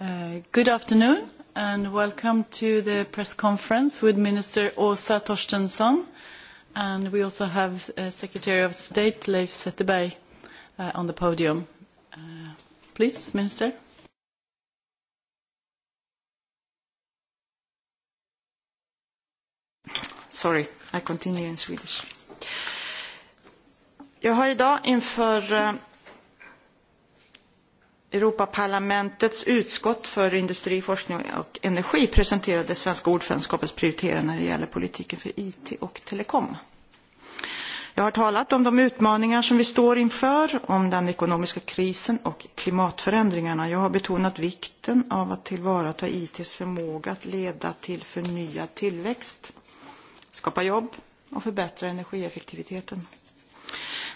Uh, good afternoon, and welcome to the press conference with Minister Åsa Torstensson, and we also have uh, Secretary of State Leif Zetterberg uh, on the podium. Uh, please, Minister. Sorry, I continue in Swedish. Jag har idag inför eh, Europaparlamentets utskott för industri, forskning och energi presenterade svenska ordförandeskapets prioriteringar när det gäller politiken för IT och telekom. Jag har talat om de utmaningar som vi står inför, om den ekonomiska krisen och klimatförändringarna. Jag har betonat vikten av att tillvarata ITs förmåga att leda till förnyad tillväxt, skapa jobb och förbättra energieffektiviteten.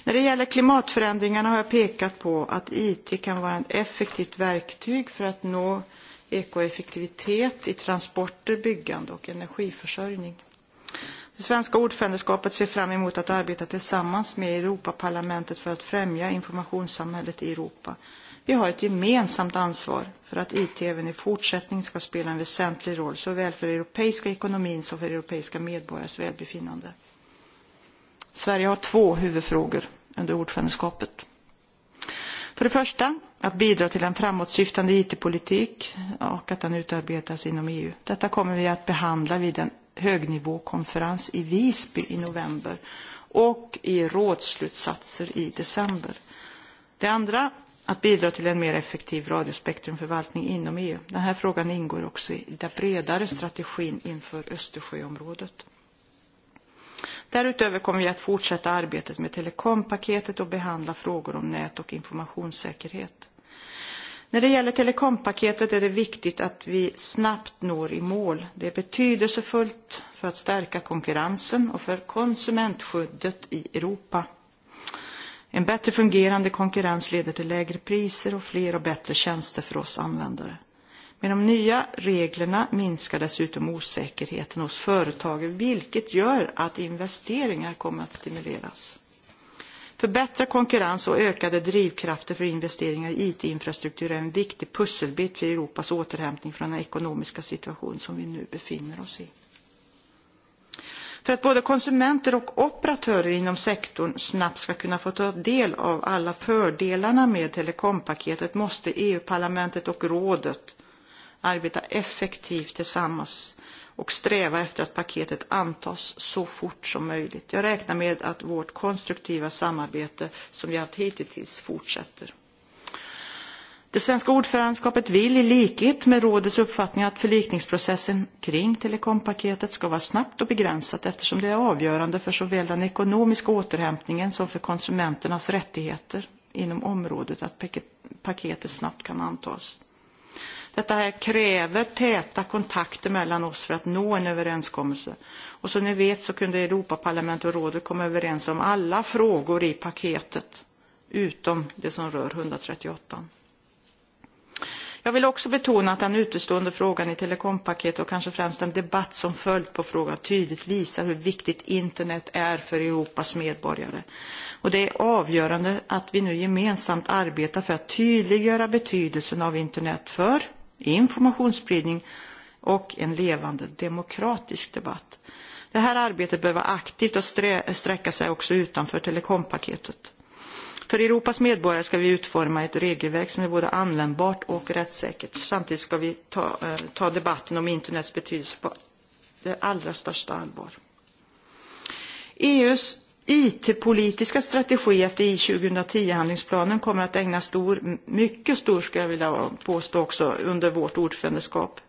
När det gäller klimatförändringarna har jag pekat på att IT kan vara ett effektivt verktyg för att nå ekoeffektivitet i transporter, byggande och energiförsörjning. Det svenska ordförandeskapet ser fram emot att arbeta tillsammans med Europaparlamentet för att främja informationssamhället i Europa. Vi har ett gemensamt ansvar för att IT även i fortsättningen ska spela en väsentlig roll såväl för europeiska ekonomin som för europeiska medborgares välbefinnande. Sverige har två huvudfrågor under ordförandeskapet. För det första att bidra till en framåtsyftande IT-politik och att den utarbetas inom EU. Detta kommer vi att behandla vid en högnivåkonferens i Visby i november och i rådsslutsatser i december. Det andra, att bidra till en mer effektiv radiospektrumförvaltning inom EU. Den här frågan ingår också i den bredare strategin inför Östersjöområdet. Därutöver kommer vi att fortsätta arbetet med telekompaketet och behandla frågor om nät och informationssäkerhet. När det gäller telekompaketet är det viktigt att vi snabbt når i mål. Det är betydelsefullt för att stärka konkurrensen och för konsumentskyddet i Europa. En bättre fungerande konkurrens leder till lägre priser och fler och bättre tjänster för oss användare. Med de nya reglerna minskar dessutom osäkerheten hos företagen, vilket gör att investeringar kommer att stimuleras. Förbättrad konkurrens och ökade drivkrafter för investeringar i IT-infrastruktur är en viktig pusselbit för Europas återhämtning från den ekonomiska situation som vi nu befinner oss i. För att både konsumenter och operatörer inom sektorn snabbt ska kunna få ta del av alla fördelarna med telekompaketet måste EU-parlamentet och rådet arbeta effektivt tillsammans och sträva efter att paketet antas så fort som möjligt. Jag räknar med att vårt konstruktiva samarbete som vi haft hittills fortsätter. Det svenska ordförandeskapet vill i likhet med rådets uppfattning att förlikningsprocessen kring telekompaketet ska vara snabbt och begränsat eftersom det är avgörande för såväl den ekonomiska återhämtningen som för konsumenternas rättigheter inom området att paketet snabbt kan antas. Detta här kräver täta kontakter mellan oss för att nå en överenskommelse. Och som ni vet så kunde Europaparlamentet och rådet komma överens om alla frågor i paketet, utom det som rör 138. Jag vill också betona att den utestående frågan i telekompaketet och kanske främst den debatt som följt på frågan tydligt visar hur viktigt internet är för Europas medborgare. Och det är avgörande att vi nu gemensamt arbetar för att tydliggöra betydelsen av internet för informationsspridning och en levande demokratisk debatt. Det här arbetet bör vara aktivt och sträcka sig också utanför telekompaketet. För Europas medborgare ska vi utforma ett regelverk som är både användbart och rättssäkert. Samtidigt ska vi ta, eh, ta debatten om internets betydelse på det allra största allvar. EUs IT-politiska strategi efter I2010-handlingsplanen kommer att ägnas stor, mycket stor, skulle jag vilja påstå också, under vårt ordförandeskap.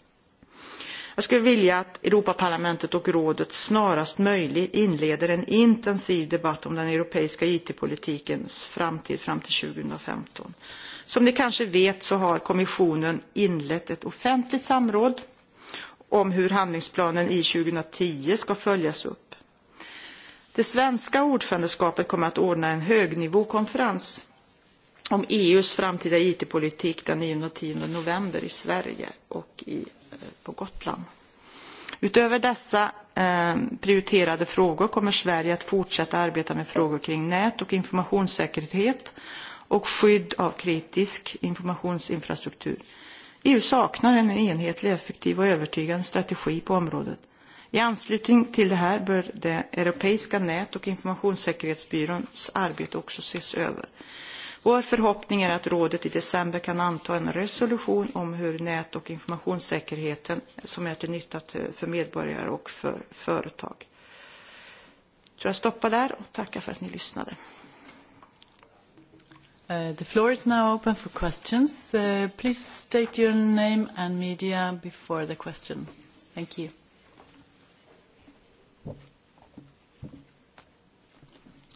Jag skulle vilja att Europaparlamentet och rådet snarast möjligt inleder en intensiv debatt om den europeiska IT-politikens framtid fram till 2015. Som ni kanske vet så har kommissionen inlett ett offentligt samråd om hur handlingsplanen I2010 ska följas upp. Det svenska ordförandeskapet kommer att ordna en högnivåkonferens om EUs framtida IT-politik den 9 och 10 november i Sverige och i, eh, på Gotland. Utöver dessa eh, prioriterade frågor kommer Sverige att fortsätta arbeta med frågor kring nät och informationssäkerhet och skydd av kritisk informationsinfrastruktur. EU saknar en enhetlig, effektiv och övertygande strategi på området. I anslutning till det här bör det europeiska nät och informationssäkerhetsbyråns arbete också ses över. Vår förhoppning är att rådet i december kan anta en resolution om hur nät och informationssäkerheten som är till nytta för medborgare och för företag. Jag tror jag stoppar där och tackar för att ni lyssnade. Uh, the floor is now open for questions. Uh, please state your name and media before the question. Thank you.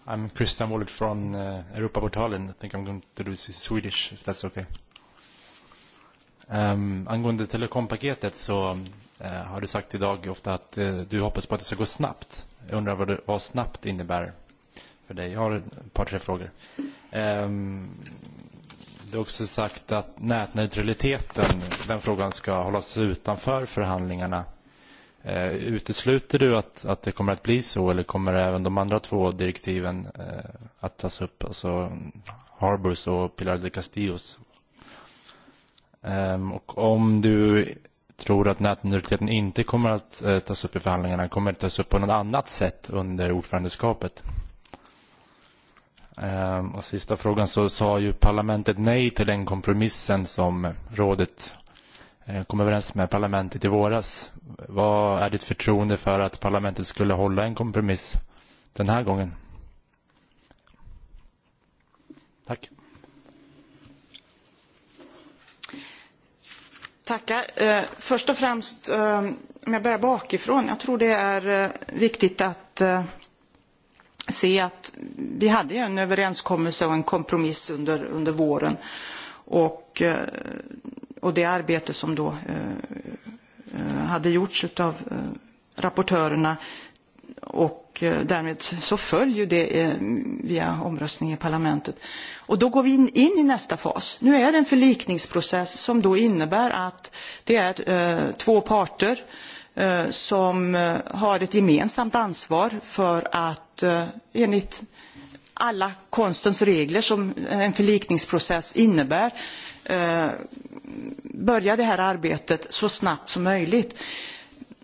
I'm Christian Wallet from uh, Europaportalen. I think I'm going to do this in Swedish, if that's okay. Um, angående telekompaketet så uh, har du sagt idag ofta att uh, du hoppas på att det ska gå snabbt. Jag undrar vad, det, vad snabbt innebär för dig. Jag har ett par, tre frågor. Um, du har också sagt att nätneutraliteten, den frågan ska hållas utanför förhandlingarna. Eh, utesluter du att, att det kommer att bli så eller kommer även de andra två direktiven eh, att tas upp, alltså Harbors och Pilar de Castillos? Eh, och om du tror att nätneutraliteten inte kommer att eh, tas upp i förhandlingarna, kommer det tas upp på något annat sätt under ordförandeskapet? Eh, och sista frågan så sa ju parlamentet nej till den kompromissen som rådet eh, kom överens med parlamentet i våras. Vad är ditt förtroende för att parlamentet skulle hålla en kompromiss den här gången? Tack. Tackar. Eh, först och främst, eh, om jag börjar bakifrån, jag tror det är eh, viktigt att se att vi hade en överenskommelse och en kompromiss under, under våren och, och det arbete som då Eh, hade gjorts av eh, rapportörerna och eh, därmed så följer det via omröstning i parlamentet. Och då går vi in, in i nästa fas. Nu är det en förlikningsprocess som då innebär att det är eh, två parter eh, som har ett gemensamt ansvar för att eh, enligt alla konstens regler som en förlikningsprocess innebär eh, börja det här arbetet så snabbt som möjligt.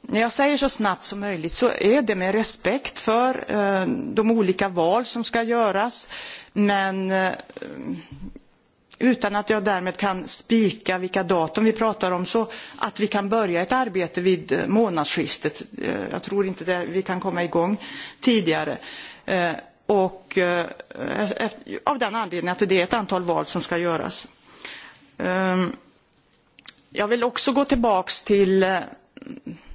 När jag säger så snabbt som möjligt så är det med respekt för eh, de olika val som ska göras. Men eh, utan att jag därmed kan spika vilka datum vi pratar om så att vi kan börja ett arbete vid eh, månadsskiftet. Eh, jag tror inte det, vi kan komma igång tidigare. Eh, och, eh, av den anledningen att det är ett antal val som ska göras. Eh, Jag vill också gå tillbaks till eh,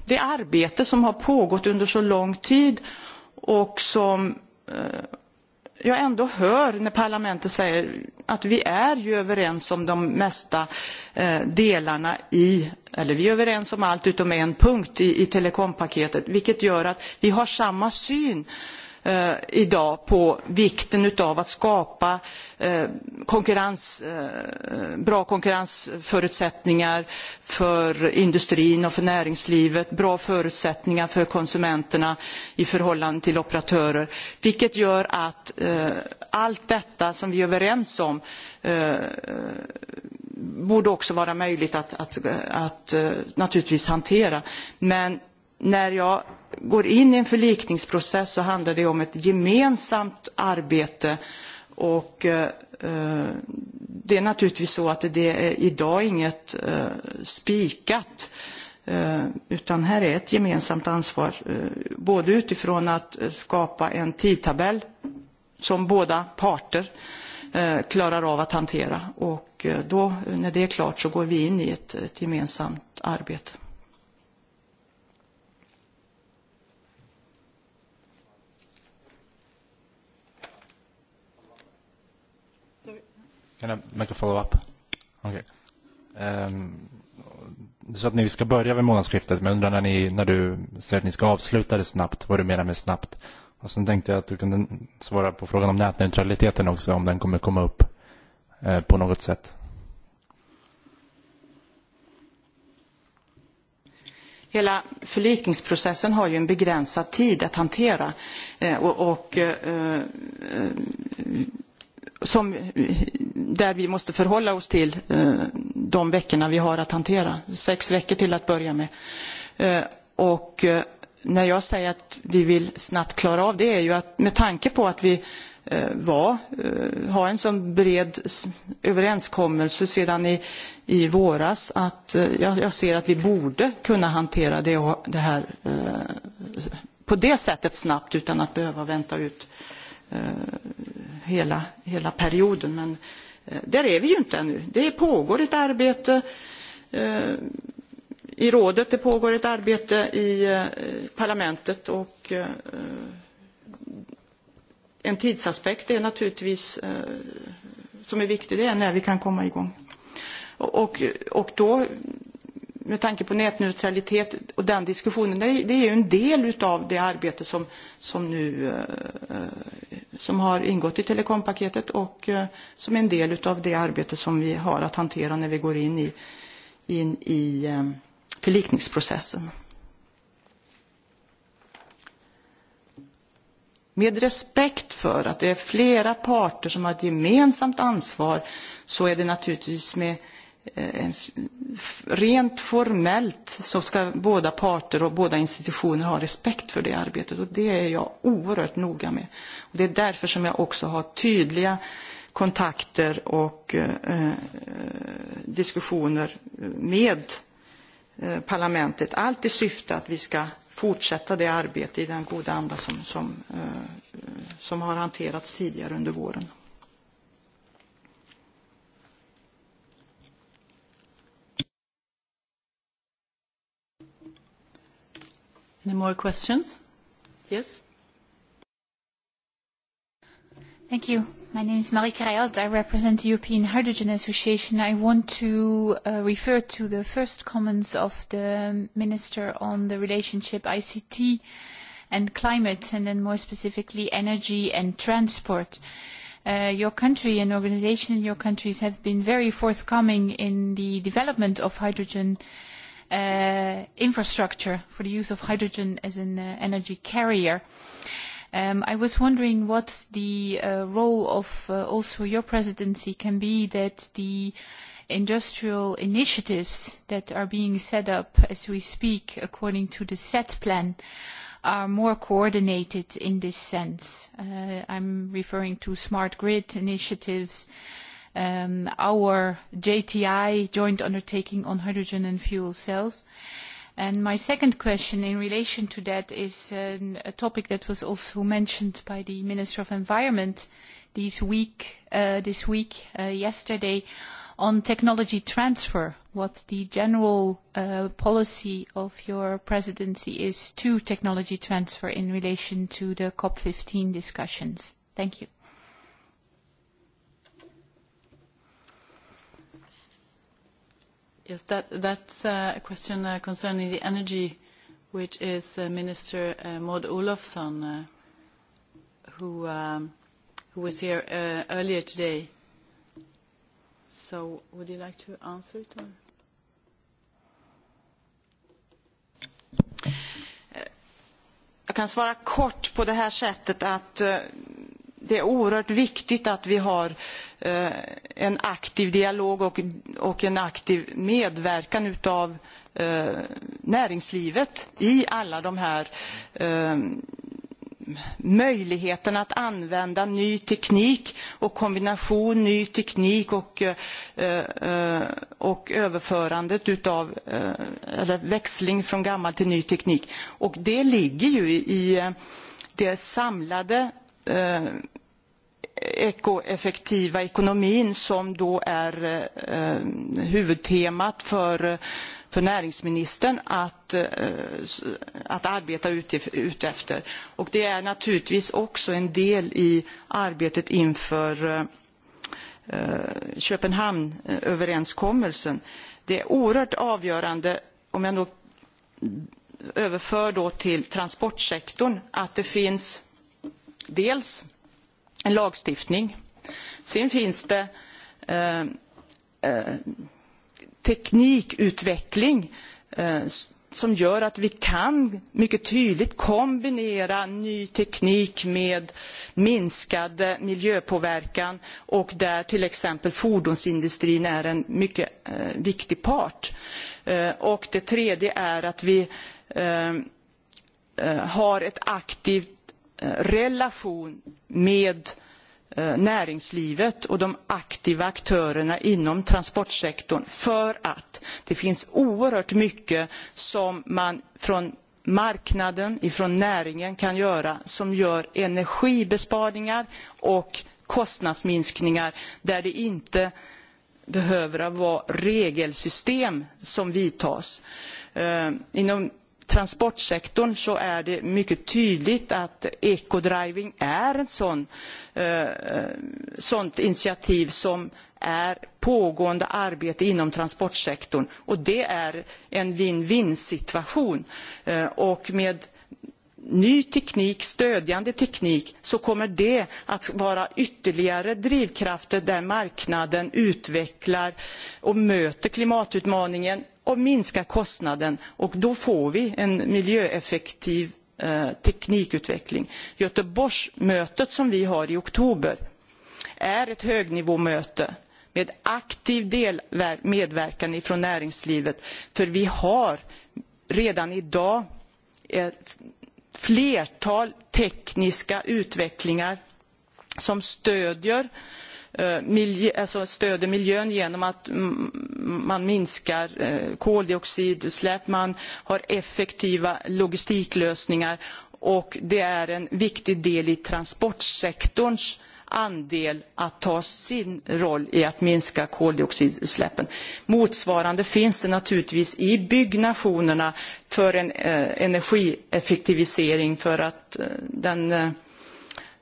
det arbete som har pågått under så lång tid och som eh, jag ändå hör när parlamentet säger att vi är ju överens om de mesta eh, delarna i, eller vi är överens om allt utom en punkt i, i telekompaketet, vilket gör att vi har samma syn eh, eh, idag på vikten av att skapa eh, konkurrens, eh, bra konkurrensförutsättningar för industrin och för näringslivet, bra förutsättningar för konsumenterna i förhållande till operatörer, vilket gör att eh, allt detta som vi är överens om eh, borde också vara möjligt att, att, att, att eh, naturligtvis hantera. Men när jag går in i en förlikningsprocess så handlar det om ett gemensamt arbete och eh, eh, det är naturligtvis så att det är idag inget eh, spikat eh, utan här är ett gemensamt ansvar eh, både utifrån att skapa en tidtabell som båda parter klarar av att hantera och då när det är klart så går vi in i ett, ett gemensamt arbete. Kan jag make a follow-up? Okej. Okay. Um, så att ni ska börja vid månadsskiftet, men undrar när, ni, när du säger att ni ska avsluta det snabbt, vad du menar med snabbt? Och sen tänkte jag att du kunde svara på frågan om nätneutraliteten också, om den kommer komma upp eh, på något sätt. Hela förlikningsprocessen har ju en begränsad tid att hantera. Eh, och, och eh, eh, som där vi måste förhålla oss till eh, de veckorna vi har att hantera. Sex veckor till att börja med. Eh, och eh, när jag säger att vi vill snabbt klara av det är ju att med tanke på att vi var, har en sån bred överenskommelse sedan i, i våras att jag, jag ser att vi borde kunna hantera det, och det här på det sättet snabbt utan att behöva vänta ut hela, hela perioden. Men Eh, där är vi ju inte ännu. Det pågår ett arbete eh, i rådet, det pågår ett arbete i eh, parlamentet och en tidsaspekt är naturligtvis som är viktig, det är när vi kan komma igång. Och, och då med tanke på nätneutralitet och den diskussionen, det är, det är ju en del av det arbete som, som nu eh, som har ingått i telekompaketet och eh, som är en del av det arbete som vi har att hantera när vi går in i, in i eh, förlikningsprocessen. Med respekt för att det är flera parter som har ett gemensamt ansvar så är det naturligtvis med Eh, rent formellt så ska båda parter och båda institutioner ha respekt för det arbetet och det är jag oerhört noga med. Och det är därför som jag också har tydliga kontakter och eh, eh diskussioner med eh, parlamentet. Allt i syfte att vi ska fortsätta det arbete i den goda anda som, som, eh, som har hanterats tidigare under våren. Any more questions? Yes. Thank you. My name is Marie Carriot. I represent the European Hydrogen Association. I want to uh, refer to the first comments of the Minister on the relationship ICT and climate, and then more specifically energy and transport. Uh, your country and organization in your countries have been very forthcoming in the development of hydrogen Uh, infrastructure for the use of hydrogen as an uh, energy carrier. Um, I was wondering what the uh, role of also your presidency can be that the industrial initiatives that are being set up as we speak according to the set plan are more coordinated in this sense. I'm referring to smart grid initiatives, um, our JTI joint undertaking on hydrogen and fuel cells. And my second question in relation to that is a topic that was also mentioned by the Minister of Environment uh, this week, this uh, week yesterday, on technology transfer, what the general uh, policy of your presidency is to technology transfer in relation to the COP15 discussions. Thank you. Yes, that's a question uh, concerning the energy, which is uh, Minister uh, Maud Olofsson, um, who, was here earlier today. So would you like to answer it? Or? Jag kan svara kort på det här sättet att det är oerhört viktigt att vi har eh, en aktiv dialog och, och en aktiv medverkan av eh, näringslivet i alla de här eh, möjligheten att använda ny teknik och kombination ny teknik och, eh, eh och överförandet utav eh, växling från gammal till ny teknik. Och det ligger ju i, i eh, det samlade eh, ekoeffektiva ekonomin som är eh, huvudtemat för, näringsministern att, eh, arbeta utefter. efter. det är naturligtvis också en del i arbetet inför eh, Köpenhamnsöverenskommelsen. Det är oerhört avgörande, om jag då överför till transportsektorn, att det finns dels en lagstiftning. Sen finns det eh, eh teknikutveckling eh, som gör att vi kan mycket tydligt kombinera ny teknik med minskad eh, miljöpåverkan och där till exempel fordonsindustrin är en mycket eh, viktig part. Eh, och det tredje är att vi eh, eh har ett aktivt Eh, relation med eh, näringslivet och de aktiva aktörerna inom transportsektorn för att det finns oerhört mycket som man från marknaden, ifrån näringen kan göra som gör energibesparingar och kostnadsminskningar där det inte behöver vara regelsystem som vidtas. Eh, inom transportsektorn så är det mycket tydligt att ecodriving är ett sån, eh, sånt initiativ som är pågående arbete inom transportsektorn. Och det är en win-win situation. Eh, och med ny teknik, stödjande teknik, så kommer det att vara ytterligare drivkrafter där marknaden utvecklar och möter klimatutmaningen och minska kostnaden och då får vi en miljöeffektiv eh, teknikutveckling. Göteborgsmötet som vi har i oktober är ett högnivåmöte med aktiv del, medverkan från näringslivet för vi har redan idag ett flertal tekniska utvecklingar som stödjer eh, Eh, stöder miljön genom att man minskar eh, koldioxidutsläpp, man har effektiva logistiklösningar det är en viktig del i transportsektorns andel att ta sin roll i att minska koldioxidutsläppen. Motsvarande finns det naturligtvis i byggnationerna för en eh, energieffektivisering för att den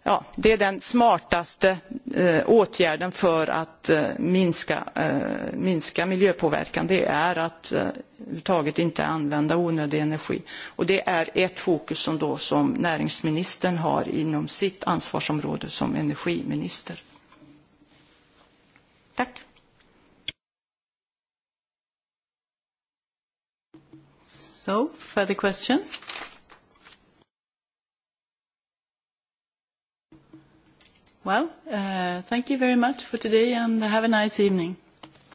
ja, det är den smartaste eh, åtgärden för att eh, minska, eh, minska miljöpåverkan. Det är att eh, överhuvudtaget inte använda onödig energi. Och det är ett fokus som, då, som näringsministern har inom sitt ansvarsområde som energiminister. Tack. So, further questions? Well, uh, thank you very much for today and have a nice evening.